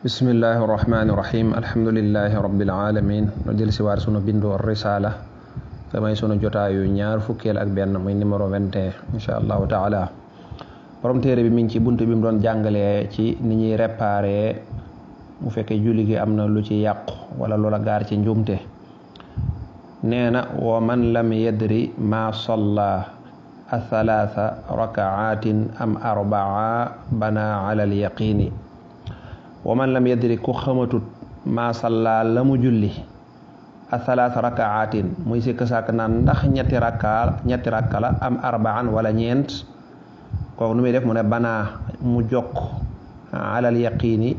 bismillahi irrahmani irrahim alhamdulilahi rabbil alamin no del si waar sunu bindu risala te may sunu jotaayu ñaar fukkeel ak benn muy numéro 21 insha allahu taala borom téere bi mi ngi ci bunt bi mu doon jàngalee ci ni ñuy réparé mu fekkee julli am na lu ci yàqu wala loola gaar ci njuumte wa man lam yadri ma salla athalaatha rakaatin am arbaa bana ala al wa man lam yadri ku xamatut maa salla la mu julli a thalath rakaatin muy sikk sàkk naan ndax ñetti rakka ñetti la am arbaan wala ñeent kooku nu def mu ne banaa mu jokk alal yaqiini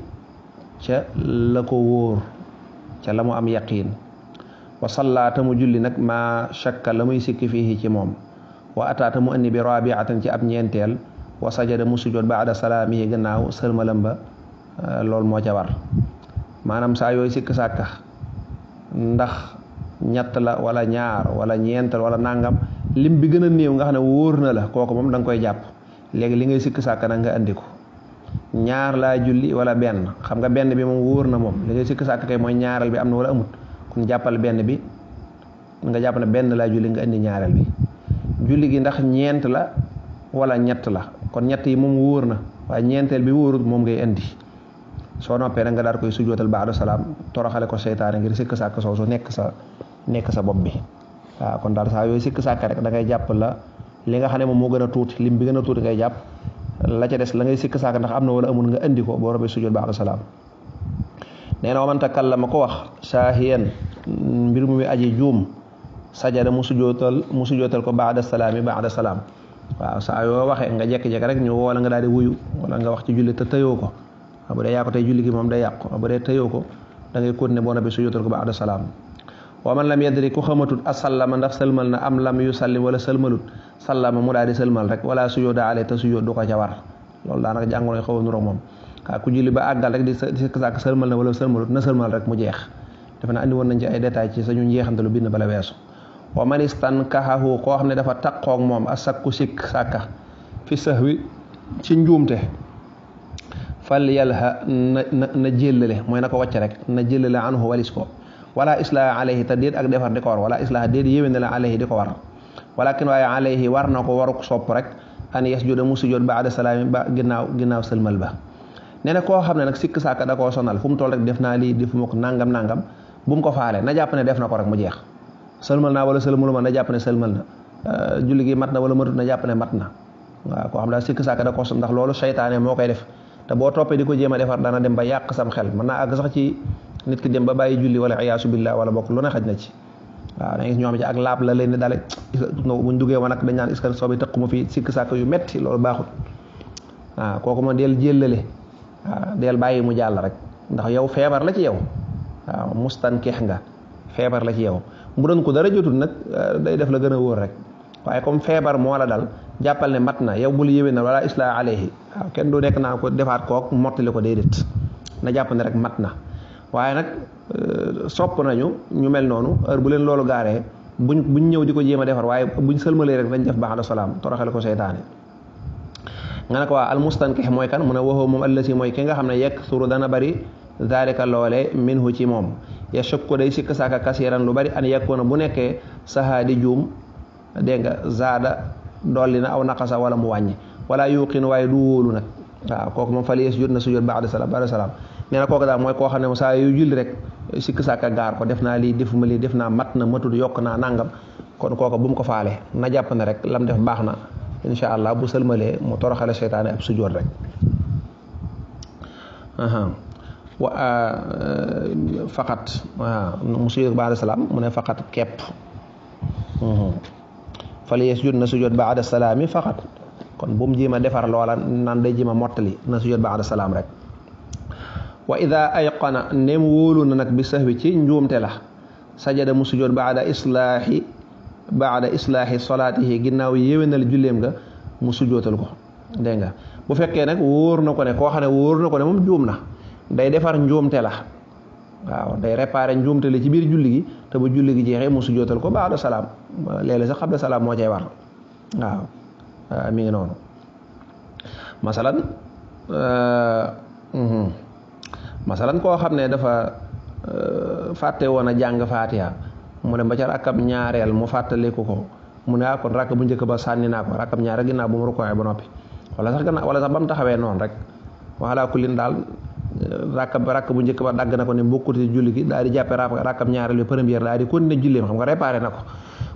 ca la ko wóor ca la am yaqiin wa sallaata mu julli nag maa shakka la muy sikki fii ci moom wa ataata mu indi bi rabiatan ci ab ñeenteel wa sajada mu sujjoot baada salaamihi gannaaw sërmalam ba Euh, loolu moo ca war maanaam saa yooyu sikk sàkka ndax ñett la wala ñaar wala ñeent wala nàngam lim bi gën a néew nga xam ne wóor na la kooku moom da nga koy jàpp léegi li ngay sikk sàkk nag nga indi ko ñaar laa julli wala benn xam nga benn bi moom wóor na moom li ngay sikk sàkk kay mooy ñaaral bi am na wala amut kon jàppal benn bi nga jàpp ne benn laa julli nga indi ñaareel bi julli gi ndax ñeent la wala ñett la kon ñett yi moom wóor na waa ñeenteel bi wóorut moom ngay indi soo noppee nag nga daal koy sujootal baadu salaam toroxale ko seytaane ngir sikk sàkk soosu nekk sa nekk sa bopp bi waaw kon daal saa yooy sikk sàkk rek dangay ngay jàpp la li nga xam ne moom moo gën a tuuti lim bi gën a tuuti ngay jàpp la ca des la ngay sikk sàkk ndax am na wala amul nga indi ko boo robee sujoot baadu salaam nee na wa man takallama ko wax saahiyan mbir mu muy aji juum sajada mu sujootal mu sujootal ko baada salaami baada salaam waaw saa yoo waxee nga jekk-jekk rek ñu woo la nga daal di wuyu wala nga wax ci julli te tëyoo ko Ah, bu dee yaa ko tey julli gi moom day yàqu ah, bu dee teyoo ko da ngay continuer boo noppee sujjóotal ko ba ada salaam wa man lam yadri ku a asallama ndax sëlmal na am lam yu sallim wala sëlmalut sallama mu daal di sëlmal rek wala sujjóoda ale te sujjóot du ko ca war loolu daanaka jàngoon nga xaw a nuroo moom waa ah, ku julli ba àggal rek di sàkk sëlmal na wala sëlmalut na sëlmal rek mu jeex defe naa andi woon nañ ci ay détails ci sañu njeexante lu bind bala weesu wa man istankahahu koo xam ne dafa taqoog moom a asakku sikk sàkka fi sahwi ci njuumte fal yalha na na na jéllale mooy na ko wàcc rek na jéllale anhu walis ko wala islaa alayhi te déet ak defar di ko war wala islaa déet yéwén la alayhi di ko war walakin na ko waruk sopp rek an yasjuda mu sujjóot baada salaami ba ginnaaw ginnaaw sëlmal ba nee na koo xam ne nag sikk sàkk da koo sonal fu mu toll rek def naa lii def ma ko nangam nangam bu ko faale na jàpp ne def na ko rek mu jeex sëlmal naa wala sëlmaluma na jàpp ne sëlmal na euh, julli gi mat na wala matut na jàpp ne mat na waaw koo xam ne sikk sàkk da koo sonal ndax te boo toppee di ko jéem a defar dana dem ba yàq sam xel mën naa àgg sax ci nit ki dem ba bàyyi julli wala iyaasu billah wala bokk lu xaj na ci waaw da ngay ñoo ak laab la leen di dale buñ duggee woon ak dañ naan iskan soobi tëq mu fi sikk sàkk yu metti loolu baaxut waaw kooku moom deel jéllale bàyyi mu jàll rek ndax yow feebar la ci yow waaw mustankeex nga feebar la ci yow mu doon ko dara jotul nag euh, day def la gën a wóor rek waaye comme feebar moo la dal jàppal ne mat na yow bul yéwé na wala isla alayhi waaw kenn du nekk naa ko defaat kook mottali ko déedéet na jàpp ne rek mat na waaye nag euh, sopp nañu ñu mel noonu heure bu leen loolu gaaree buñ buñ ñëw di ko jéem a defar waaye buñ sëlmalee rek dañ def ba'da salaam toroxal ko seytaane nga ne ko waa almustankix mooy kan mu ne waxoo moom allasi mooy ki nga xam ne yekk suru dana bari zaalika loole minhu ci moom ya ko day sikk saaka kasiran lu bari an yekkoona bu nekkee saxaadi juum dégg nga zaada dolli na aw naqasa wala mu wàññi wala yuqin waaye du wóolu nag waaw kooku moom fali sujud na sujud ba'da salaam ba'da salaam nee na kooku xam ne saa yu julli rek sikk sàkka gaar ko def naa lii defuma lii def naa mat na matul yokk naa nangam kon kooku bu mu ko faale na jàpp na rek lam def baax na incha allah bu sëlmalee mu toroxale seytaane ab sujjoot rek wa faqat waaw mu sujjoot ba'da salaam mu ne faqat kepp fal yasjud na sujjóot ba'da salaami faqat kon bu mu jéem a defar loola naan day jéem a mottali na sujjóot ba'da salaam rek wa ida ayqana ndem wóolu na nag bi sax sahwi ci njuumte la sajada mu sujjóot ba'da islaahi ba'da islaahi salaatihi ginnaaw yéwénal julleem ga mu sujjóotal ko dégg nga bu fekkee nag wóor na ko ne koo xam ne wóor na ko ne moom juum na day defar njuumte la waaw day réparé njuumte ci biir julli gi te ba julli gi jeexee mu sujootal ko baax da salaam léeg sax xam da salaam moo cay war waaw ngi noonu masalan euh, mhm. masalan koo xam ne dafa euh, fàtte woon a jàng faatiha mu ne ba ca rakkab ñaareel mu fàttaliku ko mu ne ah kon rakk bu njëkk ba sànni naa ko rakkab ñaareel ginnaaw bu mu rukkooyee ba noppi wala sax gannaaw taxawee noonu rek waxalaa kulin daal rakk rakk bu njëkk ba dagg na ko ne mbokkuti julli daal di jàppe rakkam ñaareel bi première daal di continuer julleem xam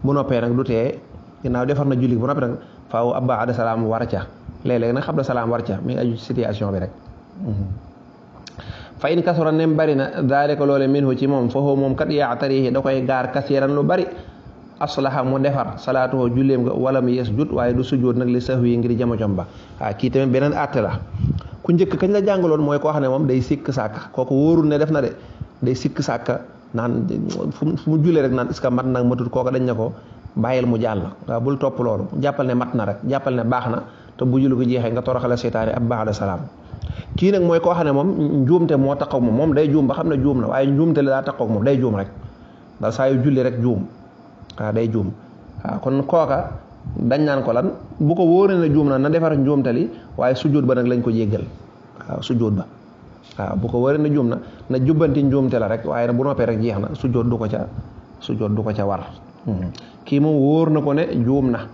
ko noppee nag du tee ginnaaw defar na julli bo bu noppee nag faaw ab baax da salaam war ca léeg-léeg nag xam da salaam war ca mi aju situation bi rek fa in kasura nem bari na daale ko loole minhu ci moom foofu moom kat yaa tarihi da koy gaar kasiran lu bari aslaha mu defar salaatuhu julleem nga wala mu yes jut waaye du sujjóot nag li sahwi ngir jamocom ba waaw kii tamit beneen àtte la ku njëkk kañ la jàngaloon mooy koo xam ne moom day sikk sàkk kooku wóorul ne def na de day sikk sàkka naan fu mu julee rek naan est que mat nag matut kooka dañ ne ko bàyyil mu jàll bul topp loolu mat na rek jàppal ne baax na te bu julli ko jeexee nga toroxale seytaane ab baax da salaam kii nag mooy koo xam ne moom njuumte moo taxaw moom moom day juum xam ne juum na waaye njuumte la daa taxaw moom day juum rek ndax saa yu julli rek juum waaw day juum waaw kon kooka dañ naan ko lan bu ko wóoree na juum na na defar njuumtali waaye sujjóot ba nag lañ ko jéggal waaw sujjóot ba waaw bu ko wóoree na juum na na jubbanti njuumte la rek waaye bu noppee rek jeex na sujjóot du ko ca sujjóot du ko ca war hmm. kii moom wóor na ko ne juum na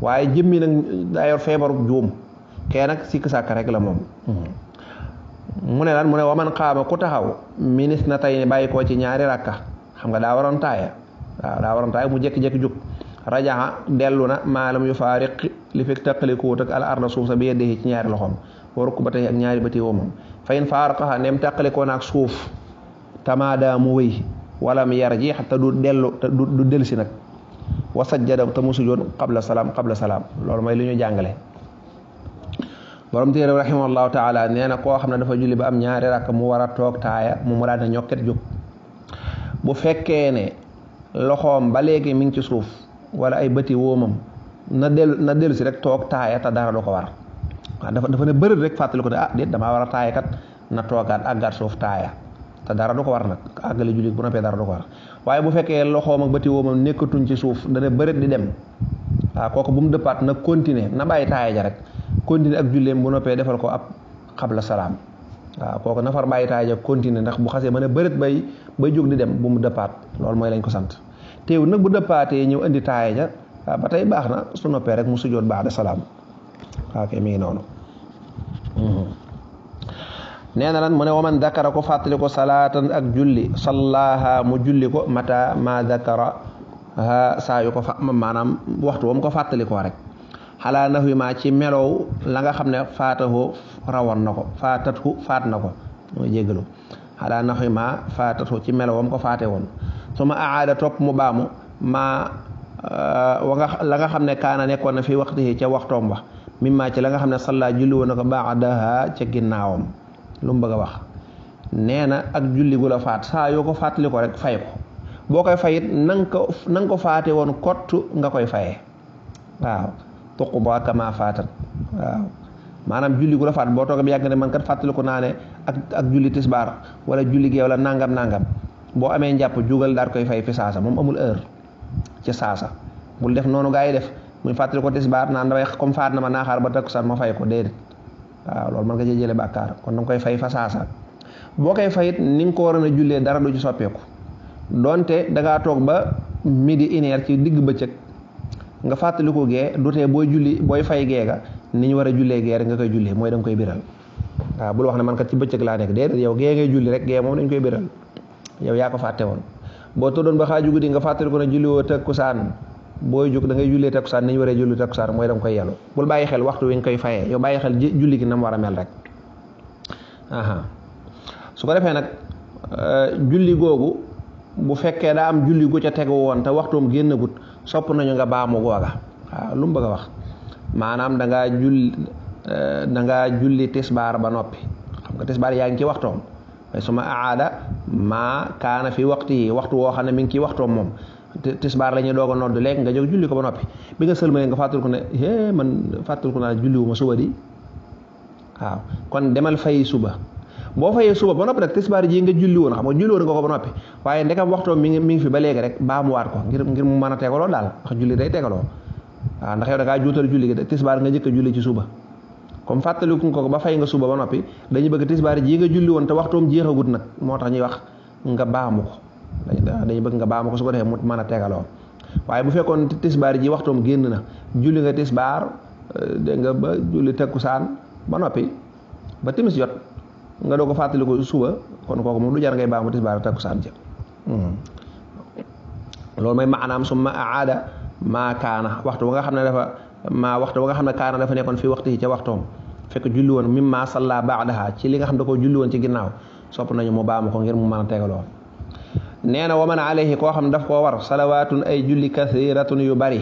waaye jëmmi nag daa feebaru feebarub juum kee nag sikk sàkk rek la moom hmm. mu ne lan mu ne waman xaama ku taxaw minis na tey bàyyi koo ci ñaari rakka xam nga daa waroon taaya waaw waroon taaya mu jekk jékki jub rajaxa dellu na maalam yu faariq li fekk tàqalikuwut ak al arda suuf sa bi yeddeexi ci ñaari loxoom wa rukbatayhi ak ñaari bëti woomam fa in faaraqaha naak suuf tamaada mu wéy yar yarji te du dellu te du delsi nag wa sajjada te mu sujoon qabla salaam qabla salaam loolu mooy li ñu jàngale borom téere rahimahullahu taala nee na koo xam ne dafa julli ba am ñaari rakk mu war a toog taaya mu mu daal ne ñokket jóg bu fekkee ne loxoom ba léegi mi ngi ci suuf wala ay bëti woomam na dellu na dellu si rek toog taaya te dara du ko war waaw dafa dafa ne bëri rek fàttali ko ne ah damaa war a taaya kat na toogaat àggaat suuf taaya te dara du ko war nag àggale jullit bu noppee dara du ko war waaye bu fekkee loxoom ak bëti woomam nekkatuñ ci suuf dana bëri di dem waaw kooku bu mu dëppaat na continuer na bàyyi taaya ja rek continuer ak julleem bu noppee defal ko ab xabla salaam waaw kooku nafar bàyyi taaya ja continuer ndax bu xasee mën a bërit bay bay jóg di dem bu mu dëppaat loolu mooy lañ ko sant teewul nag bu dëppaatee ñëw indi taaya ja ba tey baax na su noppee rek mu sujjoot baax de salaam mi ngi noonu hmm. nee na lan mu ne ko fàttali ko salaatan ak julli sallaaha mu julli ko mata ma dakara ha saa yu ko fa maanaam waxtu wam ko fàttali ko rek xalaa nax wi maa ci melow la nga xam ne faatahu rawoon na ko faatathu faat na ko mooy jégalu xalaa nax wi maa faatahu ci melowam ko faate woon su ma aada topp mu baamu maa euh, la nga xam ne na nekkoon na fi waxtihi ca waxtoom ba mimmaa ci la nga xam ne salla julli woon na ko baadaha ca ginnaawam lu mu bëgg a wax nee na ak julli gu la faat saa yoo ko fàttali rek fay ko boo koy fayit nanga ko nanga ko faate woon kott nga koy fayee waaw tuqbaa kamaa faatat waaw maanaam julli gu la faat boo toogee bi yàgg ne man kat fàttaliku naa ak ak julli tisbaar wala julli gee wala nangam nangam boo amee njàpp jugal daal koy fay fi saasa moom amul heure ci saasa bul def noonu gaa yi def muy fàttali ko tisbaar naan damay comme faat na ma naaxaar ba takkusaan ma fay ko déedéet waaw loolu mën nga jëlee bàkkaar kon danga koy fay fa boo koy fayit ni nga ko waroon a jullee dara du ci soppeeku donte dangaa toog ba midi une heure ci digg bëccëg nga fàttali ko gee dutee booy julli booy fay gee ga ni ñu war a jullee gee rek nga koy jullee mooy danga koy biral waaw bul wax ne man kat ci bëccëg laa nekk déedéet yow gee ngay rek gee moom dañ koy biral yow yaa ko fàtte woon boo tëddoon ba xaaju guddi nga fàttali ko ne julliwoo takkusaan booy jóg da ngay jullee takkusaan ni ñu waree julli takkusaan mooy da nga koy yelu bul bàyyi xel waxtu wi nga koy fayee yow bàyyi xel julli gi na mu war a mel rek su ko defee nag euh, julli googu bu fekkee daa am julli gu ca tegu woon te waxtoom génnagut sopp nañu nga baamu googa waaw lu mu bëgg a wax maanaam dangaa ngaa julli da ngaa julli tisbaar ba noppi xam nga tisbaar yaa ngi ci waxtoom suma aada maa kaana fi waqti waxtu woo xam ne mu ngi ciy waxtoom moom tisbaar la ñuy doog a nodd léegi nga jóg julli ko ba noppi bi nga sëlmalee nga fàttaliku ne é man fàttaliku naa julliwuma suba kon demal fay suba boo fayee suba ba noppi ji nga julli woon xam nga julli woon nga ko ba noppi waaye ndekam waxtoom mi ngi mi ngi fi ba léegi rek baamuwaat ko ngir ngir mu mën a tegaloo daal ndax julli day tegaloo waaw ndax yow da ngaa juutal julli gi tisbaar nga njëkk julli ci suba comme fàttaliku nga ko ba fay nga suba ba noppi dañu bëgg tisbaar ji nga julli woon te waxtoom jeexagut nag moo tax ñuy wax nga baamu ko dañu bëgg nga baamu ko su ko defee mu a tegaloo waaye bu fekkoon tisbaar ji waxtoom génn na julli nga tisbaar euh, dégg nga ba julli takkusaan ba noppi ba timis nga doo ko fàttaliku suba kon kooku moom du jar ngay baamu tisbaar takkusaan ja hmm. loolu mooy maanaam summa aada kaana waxtu nga xam ne dafa maa waxtu ba nga xam ne kaana dafa nekkoon fi waxtu yi ca waxtoom fekk julli woon mim maa salla baadaha ci li nga xam ne ko julli woon ci ginnaaw sopp nañu mu baamu ko ngir mu mën a tegaloo nee na waman alayhi koo xam ne daf koo war salawaatun ay julli kathiratun yu bari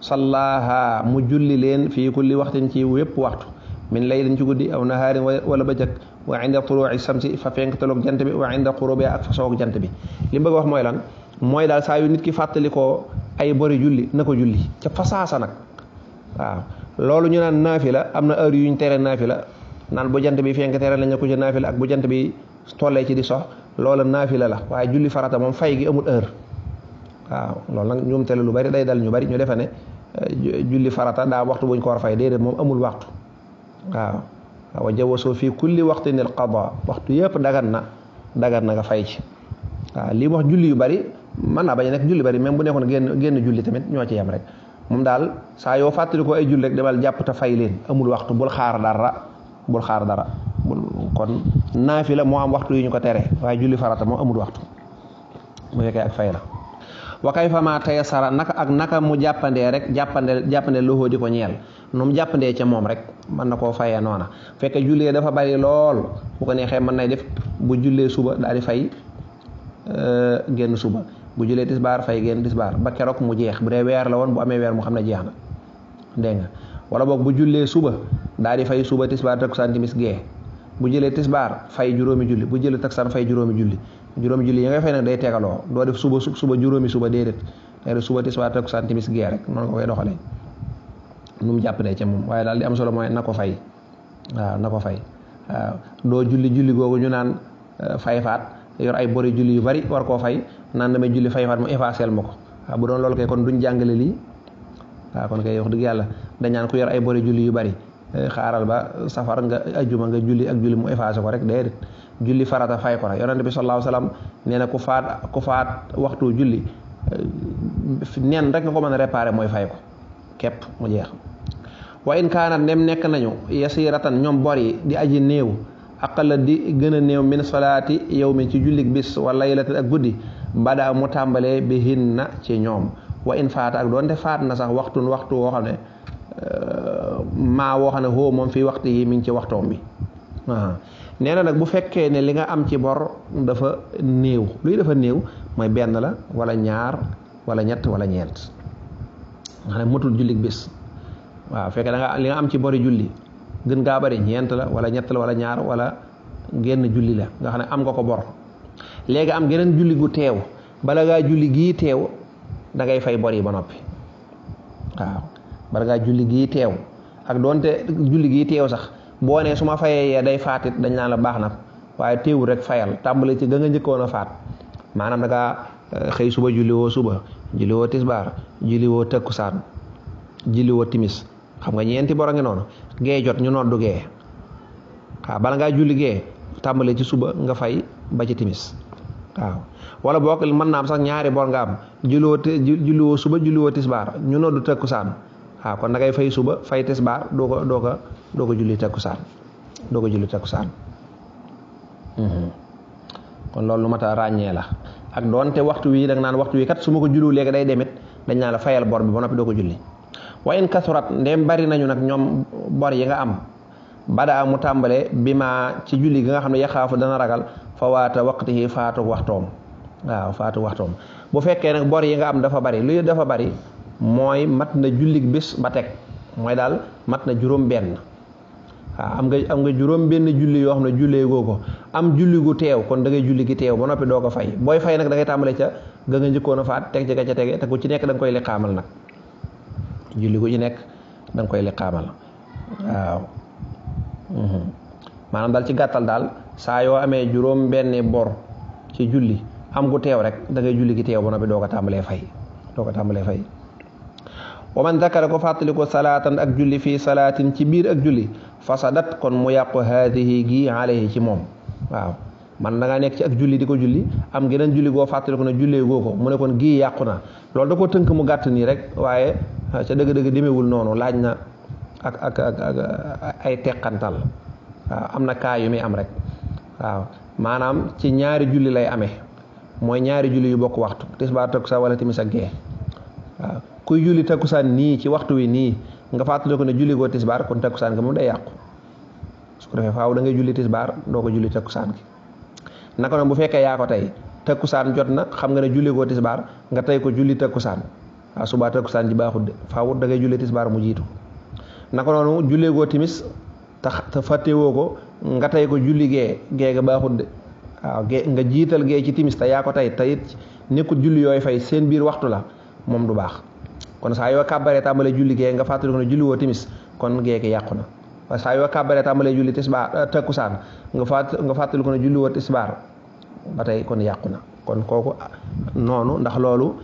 sallaaha mu julli leen fii kulli waxtin ci wépp waxtu min laylin ci guddi aw nahaarin wala bëccëg wa inda tuluuci samsi fa fenk taloog jant bi wa inda xurubi jant bi li mu wax mooy lan mooy daal saa yu nit ki ko ay bori julli na ko julli ca fasaasa nag waaw loolu ñu naan naafila am na heure yuñ tere naafila naan bu jant bi fenk tere nañ la ko ci naafila ak bu jant bi tollee ci di sox loola naafila la waaye julli farata moom fay gi amul heure loolu nag ñoom tele lu bari day dal ñu bari ñu defe ne eh, julli farata daa waxtu buñ ko war fay déedéet moom amul waxtu waaw wa jawasoo fii kulli waxtin al qada waxtu yëpp dagan na dagan na nga fay ci waaw lii wax julli yu bari man naa bañ a nekk julli bari même bu nekkoon génn génn julli tamit ñoo ci yem rek moom daal saa yoo fàttalikoo ay jul rek demal jàpp fay leen amul waxtu bul xaar dara bul xaar dara kon kon la moo am waxtu yu ñu ko tere waaye julli farata moom amul waxtu mu fekkee ak fay la wa kay fa ma tayassara naka ak naka mu jàppandee rek jàppande jàppande loxo di ko ñeel nu mu jàppandee ca moom rek mën na koo fayee noona fekke jullee dafa bari lool bu ko neexee mën nay def bu jullee suba daal di fay euh, genn suba bu julee tisbaar fay génn tisbaar ba keroog mu jeex bu dee weer la woon bu amee weer mu xam ne jeex na dégg nga wala boog bu jullee suba daal di fay suba tisbaar takkusaan timis gee bu jëlee tisbaar fay juróomi julli bu jëlee taksaan fay juróomi julli juróomi julli nga fay nag day tegaloo doo def suba suba juróomi suba déedéet suba tisbaar takkusaan timis gee rek noonu ko koy doxalee nu mu jàppale ca moom waaye daal di am solo mooy na ko fay waaw na ko fay doo julli julli googu ñu naan euh, fay faat yor ay bori julli yu bari war koo fay naan damay julli fay faat mu effacel ma ko waaw bu doon loolu kay kon duñ jàngale lii waaw kon kay wax dëgg yàlla dañaan ku yor ay bori julli yu bari eh, xaaral ba safar nga ajuma nga julli ak julli mu effacé ko rek déedéet julli farata fay ko rek yonent bi sallallahu alayhi wasallam nee na ku faat ku faat waxtu julli eh, nen rek nga ko mën a réparer mooy fay ko képp mu jeex wa in kaanat nem nekk nañu yasiratan ñoom bor di aji néew aqala di gën a néew min solaati yow mi ci julli bis wa laylatan ak guddi badaa mu tàmbalee bi hin na ci ñoom wa in faata ak doonte faat na sax waxtu waxtu woo xam ne euh, maa woo xam ne xoo moom fii waxtu yi mi ngi ci waxtoom bi waaw nag bu fekkee ne li nga am ci bor dafa néew luy dafa néew mooy benn la wala ñaar wala ñett wala ñeent nga xam ne matul jullik bis waaw fekkee da li nga am ci bori julli gën gaa bari ñeent la wala ñett la wala ñaar wala genn julli la nga xam ne am nga ko bor léegi am geneen julli gu teew bala ngaa julli gii teew da ngay fay bori yi ba noppi waaw bala ngaa julli gii teew ak doonte julli gii teew sax boo nee su ma fayee day faat dañ naan la baax na waaye teewul rek fayal tàmbali ci ga nga njëkkoon a faat maanaam da eh, xëy suba julli woo suba julli woo tisbaar julli woo tëkkusaan julli woo timis xam nga ñeenti bor a noonu gee jot ñu noddu gee waaw bala ngaa julli gee tàmbalee ci suba nga fay ba ci timis waaw wala boog mën naa am sax ñaari bor nga am julliwoo julliwoo suba julliwoo tisbaar ñu noddu takkusaan saan kon da ngay fay suba fay tisbaar doo ko doo ko doo ko julli doo ko julli takkusaan mhm. kon loolu lu mat a ràññee la ak doonte waxtu wi da nga naan waxtu wi kat su ma ko jullu lekk day demit dañ naa la fayal bor bi ba noppi doo ko julli wa in kasurat ndem bari nañu nag ñoom bor yi nga am badaa mu tàmbale bi ma ci julli gi nga xam ne yaxaafu dana ragal fa waata waqtihi faatu waxtoom waaw faatu waxtoom bu fekkee nag bor yi nga am dafa bari luy dafa bari mooy mat na julli bis ba teg mooy daal mat na juróom benn waaw am nga am nga juróom benn julli yoo xam ne jullee goo ko am julli gu teew kon da ngay julli gi teew ba noppi doo ko fay booy fay nag da ngay tàmbale ca ga nga njëkkoon a faat teg ci ga ca tege te ku ci nekk da koy liqaamal nag julli gu ci nekk da koy liqaamal waaw mhm. maanaam daal ci gàttal daal saa yoo amee juróom benni bor ci julli am gu teew rek da ngay julli gi teew ba noppi doo doo ko tàmbalee fay man dakara ko fàttali ko salaatan ak julli ci biir ak julli fasadat kon mu yàqu haadihi ci moom waaw man da nekk ci ak julli di ko julli am geneen julli goo fàttali ko jullee goo mu ne kon gii yàqu na loolu da ko tënk mu gàtt nii rek waaye ca dëgg-dëgg demewul noonu laaj na ak ak ak ay teqantal waaw am na kaa yu muy am rek waaw maanaam ci ñaari julli lay amee mooy ñaari julli yu bokk waxtu tisbaar takkusaan wala timis ak gee waaw kuy julli takkusaan nii ci waxtu wi nii nga fàttali ko ne julli goo tisbaar kon takkusaan gi moom day yàqu su ko defee faaw da ngay julli tisbaar doo ko julli takkusaan gi naka noonu bu fekkee yaa ko tey takkusaan jot na xam nga ne julli goo tisbaar nga tey ko julli takkusaan a subaa takkusaan ji baaxut de faawut da ngay jullee tisbaar mu jiitu naka noonu jullee goo timis te fàttewoo ko nga tey ko julli gee gee ga baaxut de waaw gee nga jiital gee ci timis te yaa ko tey te it nekkut julli yooyu fay seen biir waxtu la moom du baax kon saa yoo kàbbaree tàmbalee julli nga fàttali ko ne julli kon gee yàqu na saa yoo kàbbaree tàmbalee julli tisbaar euh, takkusaan nga fàtt nga fàttali ko ne julli woo tisbaar ba tey kon yàqu na kon kooku noonu ndax loolu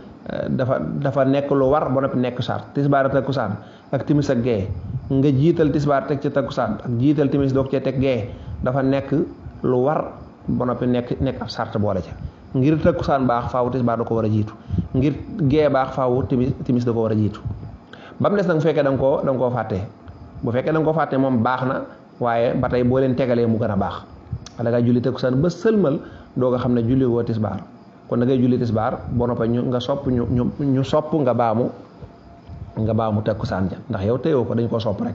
dafa dafa nekk lu war ba noppi nekk sart tisbaar ak takkusaan ak timis ak gee nga jiital tisbaar teg ci takkusaan ak jiital timis doog cee teg gee dafa nekk lu war ba noppi nekk nekk ab sart boole ca ngir takkusaan baax faaw tisbaar da ko war a jiitu ngir gee baax faaw timis timis da ko war a jiitu ba mu des nag bu fekkee da koo da koo fàtte bu fekkee da nga koo fàtte moom baax na waaye ba tey boo leen tegalee mu gën a baax wala ngaa julli takkusaan ba sëlmal doog a xam ne julli woo tisbaar kon da ngay julli tisbaar boo noppee ñu nga sopp ñu ñu sopp nga baamu nga baamu takkusaan ja ndax yow téyoo ko dañ ko sopp rek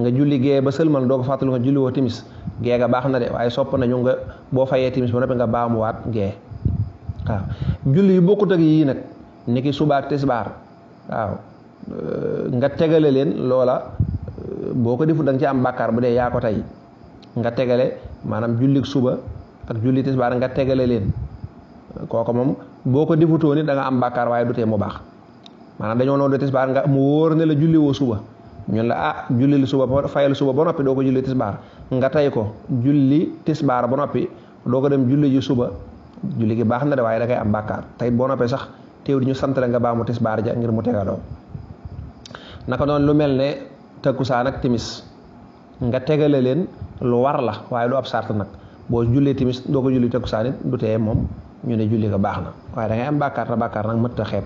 nga julli gee ba sëlmal doo ko fàttali nga julli woo timis gee ga baax na de waaye sopp nañu nga boo fayee timis ba noppi nga baamu waat waaw julli yu bokkut ak yii nag ni ki suba ak tisbaar waaw nga tegale leen loola boo ko defut da nga ci am bàkkaar bu dee yaa ko tey nga tegale maanaam jullik suba ak julli tisbaar nga tegale leen kooku moom boo ko defutoo ni da nga am bàkkaar waaye du tee mu baax maanaam dañoo noo do nga mu wóor ne la julli suba ñun la ah julli suba fayal suba ba noppi doo ko julli tisbaar nga tey ko julli tisbaar ba noppi doo ko dem julli ji suba julli gi baax na de waaye da ngay am bàkkaar tey boo noppee sax teew ñu sant la nga baa mu tisbaar ja ngir mu tegaloo noonu lu mel ne takkusaan ak timis nga tegale leen lu war la waaye du ab sart nag boo jullee timis doo ko julli takkusaan it du moom ñu ne julli nga baax na waaye da ngay am bàkkaar te bàkkaar nag mëtt a xeeb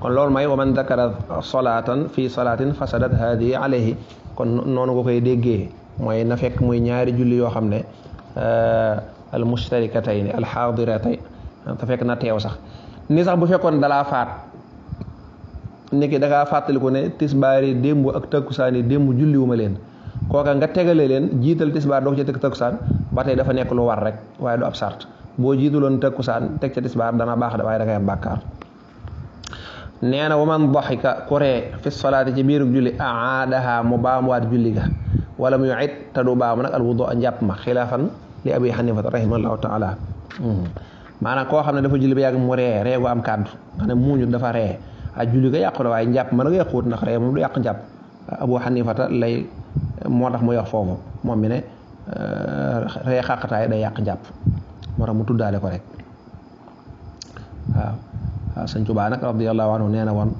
kon loolu mooy wa man dakara solatan fii salatin fasadat haadihi alayhi kon noonu nga koy déggee mooy na fekk muy ñaari julli yoo xam ne euh, al mustarikatayni al xaadiratayn te fekk na teew sax ni sax bu fekkoon dalaa faat niki da ngaa fàttaliku ne tisbaari démb ak takkusaani démb julliwuma leen kooka nga tegale leen jiital tisbaar doo ci teg takkusaan ba tey dafa nekk lu war rek waaye du ab sart boo jiituloon takkusaan teg ca tisbaar dana baax de waaye da ngay am bàkkaar nee na wa man daxika ku ree fi salaati ci biirug julli mu baamuwaat julli wala mu yucit te du baamu nag al wudu a njàpp ma xilaafan li abi xanifata rahimahullahu taala maanaam koo xam ne dafa julli ba yàgg mu ree ree gu am kàddu nga ne dafa ree a julli ga yàqu la waaye njàpp ma nag yàquut ndax ree moom du yàq njàpp abu xanifata moo tax mu yox foofu moom mi ne eh, ree xàqataay day yàq njàpp moo tax mu tuddaale ko rek waaw waaw sëñ Tuubaa nag radiyallaahu anhu woon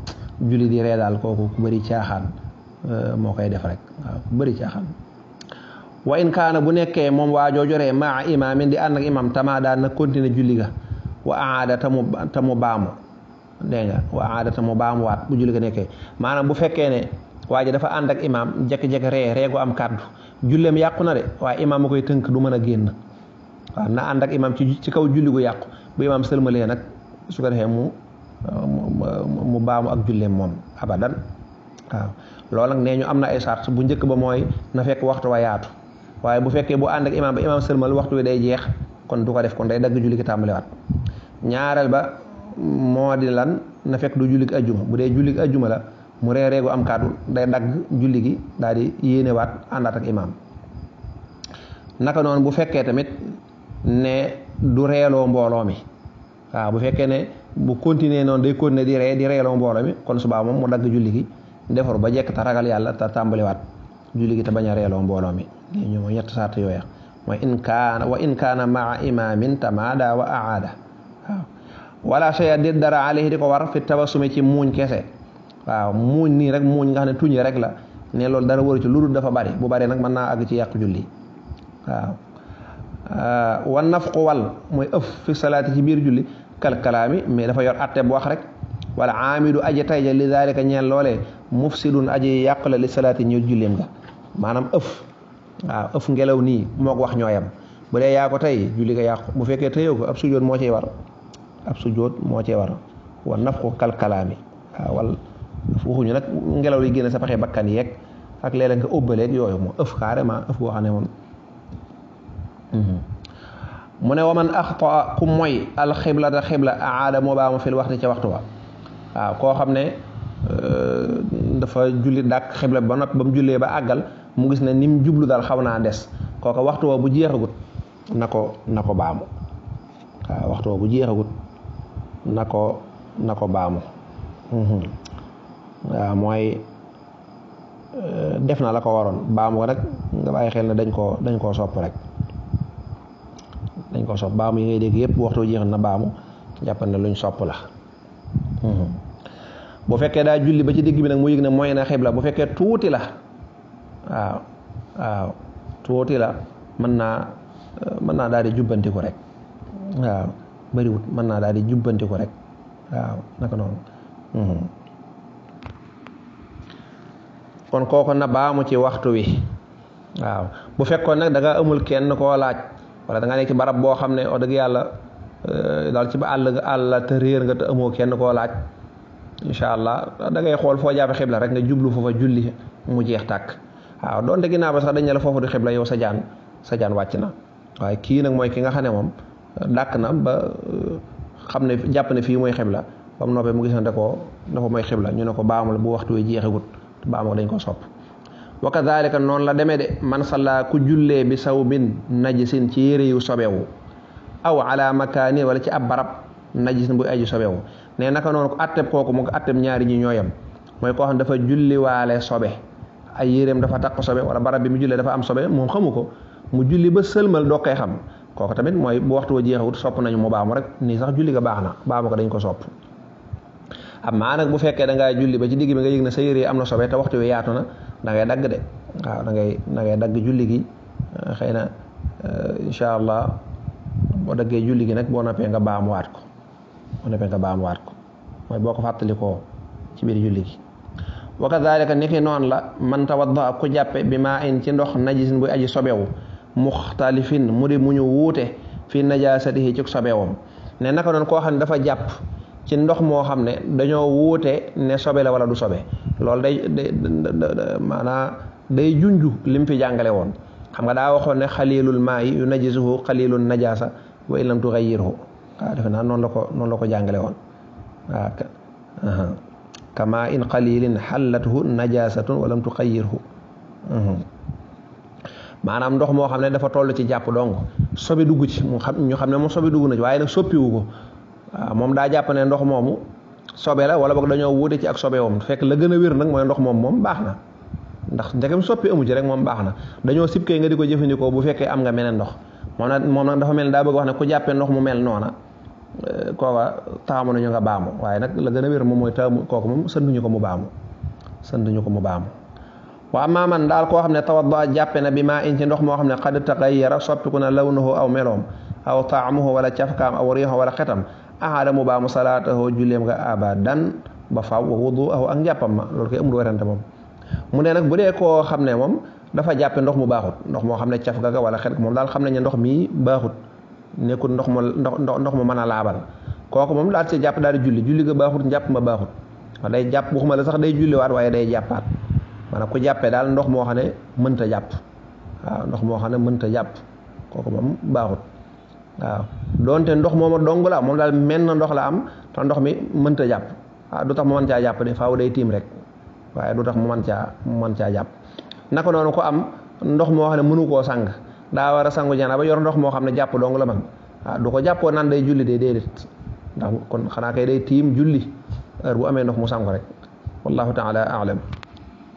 julli di ree daal kooku ku bëri caaxaan eh, moo koy def rek waaw wa in kaana bu nekkee moom waa joojoree maa imaamin di ànd ak imaam tamaa daan na continuer julli ga wa aada tamu tamu baamu bu julli ga nekkee maanaam bu fekkee ne waa dafa ànd ak imaam jekk-jekk ree ree am kàddu julleem yàqu na de waaye imaam koy tënk du mën a génn waaw na ànd ak imaam ci ci kaw julli gu yàqu bu imaam sëlmalee nag su ko defee mu mu baamu ak julleem moom abadan waaw loolu nag nee ñu am na ay sart bu njëkk ba mooy na fekk waxtu wa yaatu waaye bu fekkee bu ànd ak imaam ba waxtu wi day jeex kon du ko def day dagg julli ki ñaareel ba moo di lan na julli ki ajjuma bu dee julli ki ajjuma la mu reeree gu am kàddu day dagg julli gi daal di yéenewaat àndaat ak imaam naka noonu bu fekkee tamit ne du reeloo mbooloo mi waaw bu fekkee ne bu continuer noonu day continuer di ree di reeloo mbooloo mi kon subaa moom mu dagg julli gi defaru ba jekk te ragal yàlla te tàmbaliwaat julli gi te bañ a reeloo mbooloo mi ñu ñett sart yooya mooy in kaana wa in kaana maa imaamin tamaada wa aada waaw wala shay'a déet dara alayhi di ko war fi tabasumi ci muuñ kese waaw muuñ nii rek muuñ nga xam ne tuñ rek la ne loolu dara waru ci lu dul dafa bari bu bari nag mën naa àgg ci yàq julli Euh, wa nafqu wal mooy ëf fi salaati ci biir julli kal kalaami mais dafa yor atte bu wax rek wala aamidu aji tay ja li daalika ñeen loolee mufsidun aji yàq la li salaati ñëw julleem ga maanaam ëf waaw ëf ngelaw nii moog wax ñooyam bu dee yaa ko tey julli ga yàqu bu fekkee tëyew ko ab sujoot moo cee war ab sujoot moo cee war wa nafqu kal kalaami waaw wal waxuñu nag ngelaw li génn sa paxee bakkan yeeg ak léeg-léeg nga yooyu moom ëf carrément ëf boo moom mu ne waman axtaa ku moy alxiblata xibla aada mu baamu fil waxti ca waxtu wa waaw koo xam ne euh, dafa julli dàkk xibla ba noppi ba jullee ba àggal mu gis ne ni jublu daal xaw naa des kooka waxtu wa bu jeexagut na ko na ko baamu waaw waxtu bu jeexagut na ko na ko baamu mhm. waaw mooy euh, def na la ko waroon baamu ko nag nga bàyyi xel ne dañ ko dañ koo sopp rek dañ ko sopp baamu yi ngay dégg yëpp waxtu jeex na baamu jàppal ne luñ sopp la hmm. bu fekkee daa julli ba ci digg bi nag mu yëg ne mooy na xibla bu fekkee tuuti la waaw waaw tuuti la man naa mën naa daal di jubbanti rek waaw bëriwut naa daal di jubbanti rek noonu hmm. kon kooku na ci waxtu wi waaw bu fekkoon nag da amul kenn koo laaj wala da nga nekk ci barab boo xam ne o dëgg yàlla euh, daal ci ba àll àll te réer nga te amoo kenn koo laaj incha allah da ngay xool foo jaabe xibla rek nga jublu foofa julli mu jeex tàkk waaw doonte naa ba sax dañ ne la foofu di xibla yow sa jaan sa jaan wàcc na waaye kii nag mooy ki nga xam ne moom euh, dàkk na ba euh, xam ne jàpp ne fii mooy xibla ba mu noppee mu gis ne da koo dafa mooy xibla ñu ne ko baamul bu waxtu wi jeexagut baamul dañ ko sopp wa kadalika noonu la demee de man salla ku jullee bi saw sawbin najisin ci yére yu sobewu aw ala makaani wala ci ab barab najisin bu aju sobewu ne naka noonu ko atteb kooku mu ko atteb ñaari ñi ñooyam mooy koo xam dafa julliwaale sobe ay yéreem dafa takk sobe wala barab bi mu jullee dafa am sobe moom xamu ko mu julli ba sëlmal doo koy xam kooku tamit mooy bu waxtu wa jeexawut sopp nañu mu baamu rek nii sax julli ga baax na baamu ko ko sopp am maa bu fekkee da ngaa julli ba ci am na sobe te waxtu wi da ngay dagg de waaw da da ngay dagg julli gi eh, xëy na eh, incha allah boo daggee julli gi nag boo noppee nga baamuwaat ko boo noppee nga baamuwaat ko mooy boo ko fàttalikoo ci biir julli gi wa kadalika ni ki noonu la man tawadda ku jàppe bi ma in ci ndox najisin buy aji sobewu muxtalifin mu di mu ñu wuute fi najaasatihi ci sobewam ne naka noonu koo xam ne dafa jàpp ci ndox moo xam ne dañoo wuute ne sobe la wala du sobe loolu day day maanaam day junju lim fi jàngale woon xam nga daa waxoon ne xalilul maa yi yu najisuhu xalilul najaasa wa in lam tuxayyirhu waaw naa noonu la ko noonu la ko jàngale woon waaw kama in qalilin xallathu najasatun walam tuxayyirhu maanaam ndox moo xam ne dafa toll ci jàpp dong sobe dugg ci mu xam ñu xam ne moom sobe dugg na waaye nag soppiwu ko Ah, moom daa jàpp ndox moomu sobe la wala boog dañoo wuute ci ak sobe woom fekk la gën a wér nag mooy ndox moom moom baax na ndax ndegem soppi amu ci rek moom baax na dañoo sib nga di ko jëfandikoo bu fekkee am nga meneen ndox moom nag moom nag mel ne daa bëgg wax ne ku jàppee ndox mu mel noona eh, kooka taamu nañu nga baamu waaye nag la gën a wér moom mooy taamu kooku moom sënduñu ko mu baamu sënduñu ko mu baamu waa maaman daal koo xam ne tawadda jàppe na bi ma in ci ndox moo xam ne xad yara soppeeku na lawnuhu aw meloom aw taamuhu wala cafkaam aw riixo wala xetam aadamu baamu salaatahu julleem nga abadan ba faw wa wuduahu ak jàppam ma loolu koy amul werante moom mu ne nag bu dee koo xam ne moom dafa jàppe ndox mu baaxut ndox moo xam ne caf gaga wala xet moom daal xam nañ ndox mii baaxut nekkul ndox mu ndox mu mën a laabal kooku moom daal ci jàpp daal di julli julli ga baaxut njàpp ma baaxut day jàpp waxuma la sax day julliwaat waaye day jàppaat maanaam ku jàppee daal ndox moo xam ne mënta jàpp waaw ndox moo xam ne mënta jàpp kooku moom baaxut waaw doonte ndox mooma dong la moom daal menn ndox la am te ndox mi mënta jàpp ah du tax mu mën caa jàpp de faaw day tiim rek waaye du tax mu mën caa mu mën caa jàpp naka noonu ko am ndox moo xam ne mënu koo sang daa war a sangu ba yor ndox moo xam ne jàpp dong la man ah du ko jàppoo naan day julli day déedéet ndax kon xanaa kay day tiim julli heure bu amee ndox mu sangu rek wallahu taala aalam